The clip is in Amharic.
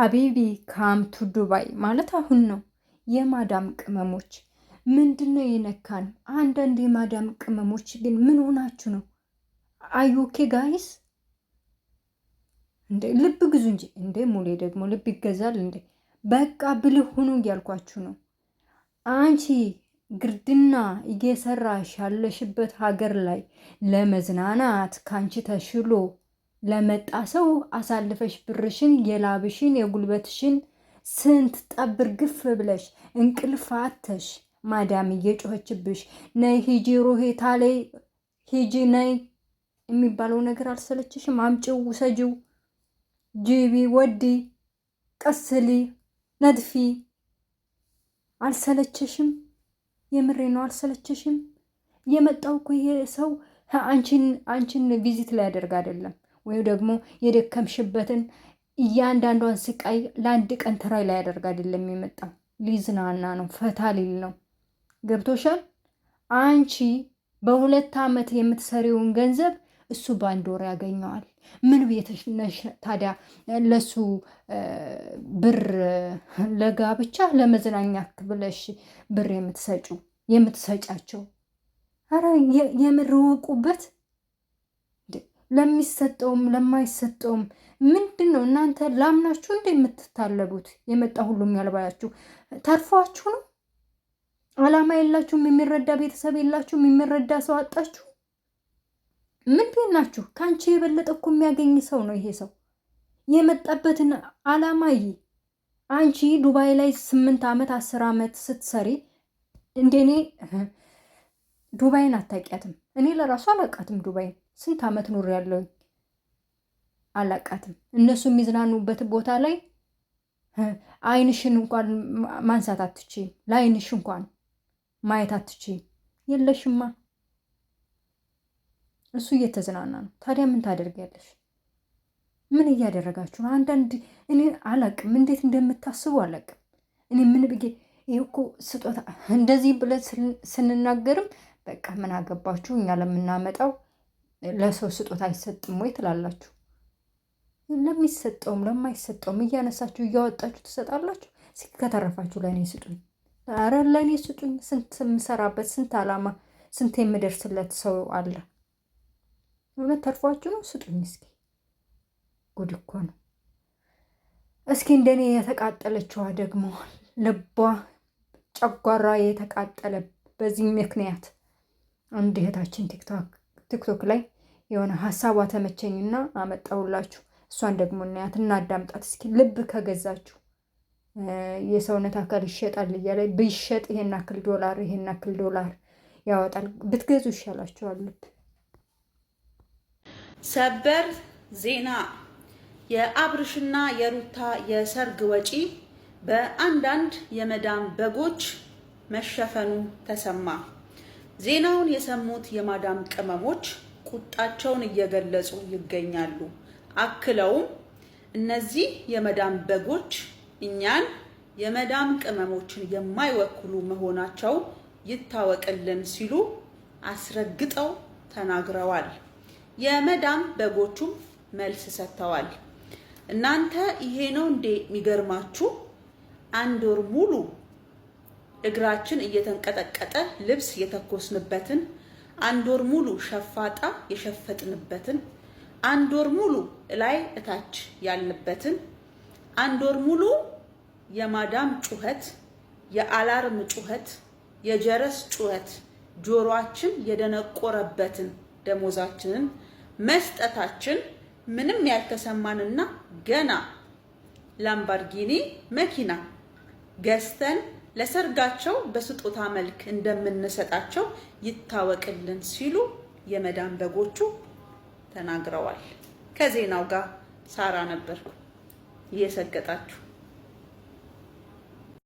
ሀቢቢ ካምቱ ዱባይ ማለት አሁን ነው። የማዳም ቅመሞች ምንድን ነው የነካን? አንዳንድ የማዳም ቅመሞች ግን ምን ሆናችሁ ነው? አዩኬ ጋይስ እንደ ልብ ግዙ እንጂ እንደ ሙሌ ደግሞ ልብ ይገዛል እንደ በቃ ብልህ ሁኑ እያልኳችሁ ነው። አንቺ ግርድና እየሰራሽ ያለሽበት ሀገር ላይ ለመዝናናት ካንቺ ተሽሎ ለመጣ ሰው አሳልፈሽ ብርሽን፣ የላብሽን፣ የጉልበትሽን ስንት ጠብር ግፍ ብለሽ እንቅልፍ አተሽ ማዳም እየጮኸችብሽ ነይ ሂጂ ሩሄታ ላይ ሂጂ ነይ የሚባለው ነገር አልሰለችሽም? አምጪው፣ ውሰጂው፣ ጂቢ፣ ወዲ፣ ቀስሊ፣ ነድፊ አልሰለችሽም? የምሬ ነው። አልሰለችሽም? የመጣው እኮ ይሄ ሰው አንቺን ቪዚት ላይ ያደርግ አይደለም። ወይም ደግሞ የደከምሽበትን እያንዳንዷን ስቃይ ለአንድ ቀን ትራይ ላይ ያደርግ አይደለም የመጣው ሊዝናና ነው፣ ፈታ ሊል ነው። ገብቶሻል? አንቺ በሁለት ዓመት የምትሰሪውን ገንዘብ እሱ በአንድ ወር ያገኘዋል። ምን ቤተሽ ነሽ ታዲያ? ለሱ ብር ለጋብቻ ለመዝናኛ ብለሽ ብር የምትሰጩ የምትሰጫቸው? ኧረ የምር እወቁበት። ለሚሰጠውም ለማይሰጠውም ምንድን ነው እናንተ ላምናችሁ እንደ የምትታለቡት? የመጣ ሁሉ ያልባያችሁ ተርፏችሁ ነው። አላማ የላችሁም። የሚረዳ ቤተሰብ የላችሁም። የሚረዳ ሰው አጣችሁ። ምንድን ናችሁ? ከአንቺ የበለጠ እኮ የሚያገኝ ሰው ነው ይሄ ሰው። የመጣበትን አላማ ይ አንቺ ዱባይ ላይ ስምንት ዓመት አስር ዓመት ስትሰሪ እንደኔ ዱባይን አታውቂያትም። እኔ ለራሱ አላውቃትም። ዱባይን ስንት ዓመት ኑር ያለውኝ አላውቃትም። እነሱ የሚዝናኑበት ቦታ ላይ አይንሽን እንኳን ማንሳት አትችይም። ለአይንሽ እንኳን ማየት አትችይም። የለሽማ እሱ እየተዝናና ነው። ታዲያ ምን ታደርጊያለሽ? ምን እያደረጋችሁ ነው? አንዳንድ እኔ አላቅም፣ እንዴት እንደምታስቡ አላቅም። እኔ ምን ብዬ ይህ እኮ ስጦታ እንደዚህ ብለን ስንናገርም በቃ ምን አገባችሁ እኛ ለምናመጣው ለሰው ስጦታ አይሰጥም ወይ ትላላችሁ። ለሚሰጠውም ለማይሰጠውም እያነሳችሁ እያወጣችሁ ትሰጣላችሁ። እስኪ ከተረፋችሁ ለእኔ ስጡኝ፣ ኧረ ለእኔ ስጡኝ። ስንት የምሰራበት ስንት አላማ ስንት የምደርስለት ሰው አለ። እውነት ተርፏችሁ ነው? ስጡኝ እስኪ። ጉድ እኮ ነው። እስኪ እንደኔ የተቃጠለችዋ ደግሞ ልቧ ጨጓራ የተቃጠለ በዚህ ምክንያት አንድ እህታችን ቲክቶክ ላይ የሆነ ሀሳቧ ተመቸኝና አመጣውላችሁ እሷን ደግሞ እናያት እናዳምጣት እስኪ። ልብ ከገዛችሁ የሰውነት አካል ይሸጣል እያለ ብይሸጥ ይሄን አክል ዶላር ይሄን አክል ዶላር ያወጣል ብትገዙ ይሻላችኋል። ልብ ሰበር ዜና የአብርሽና የሩታ የሰርግ ወጪ በአንዳንድ የመዳም በጎች መሸፈኑ ተሰማ። ዜናውን የሰሙት የማዳም ቅመሞች ቁጣቸውን እየገለጹ ይገኛሉ። አክለውም እነዚህ የመዳም በጎች እኛን የመዳም ቅመሞችን የማይወክሉ መሆናቸው ይታወቅልን ሲሉ አስረግጠው ተናግረዋል። የመዳም በጎቹም መልስ ሰጥተዋል። እናንተ ይሄ ነው እንዴ የሚገርማችሁ? አንድ ወር ሙሉ እግራችን እየተንቀጠቀጠ ልብስ የተኮስንበትን አንድ ወር ሙሉ ሸፋጣ የሸፈጥንበትን አንድ ወር ሙሉ ላይ እታች ያልንበትን አንድ ወር ሙሉ የማዳም ጩኸት፣ የአላርም ጩኸት፣ የጀረስ ጩኸት ጆሮአችን የደነቆረበትን ደሞዛችንን መስጠታችን ምንም ያልተሰማንና ገና ላምባርጊኒ መኪና ገዝተን ለሰርጋቸው በስጦታ መልክ እንደምንሰጣቸው ይታወቅልን ሲሉ የመዳን በጎቹ ተናግረዋል። ከዜናው ጋር ሳራ ነበር እየሰገጣችሁ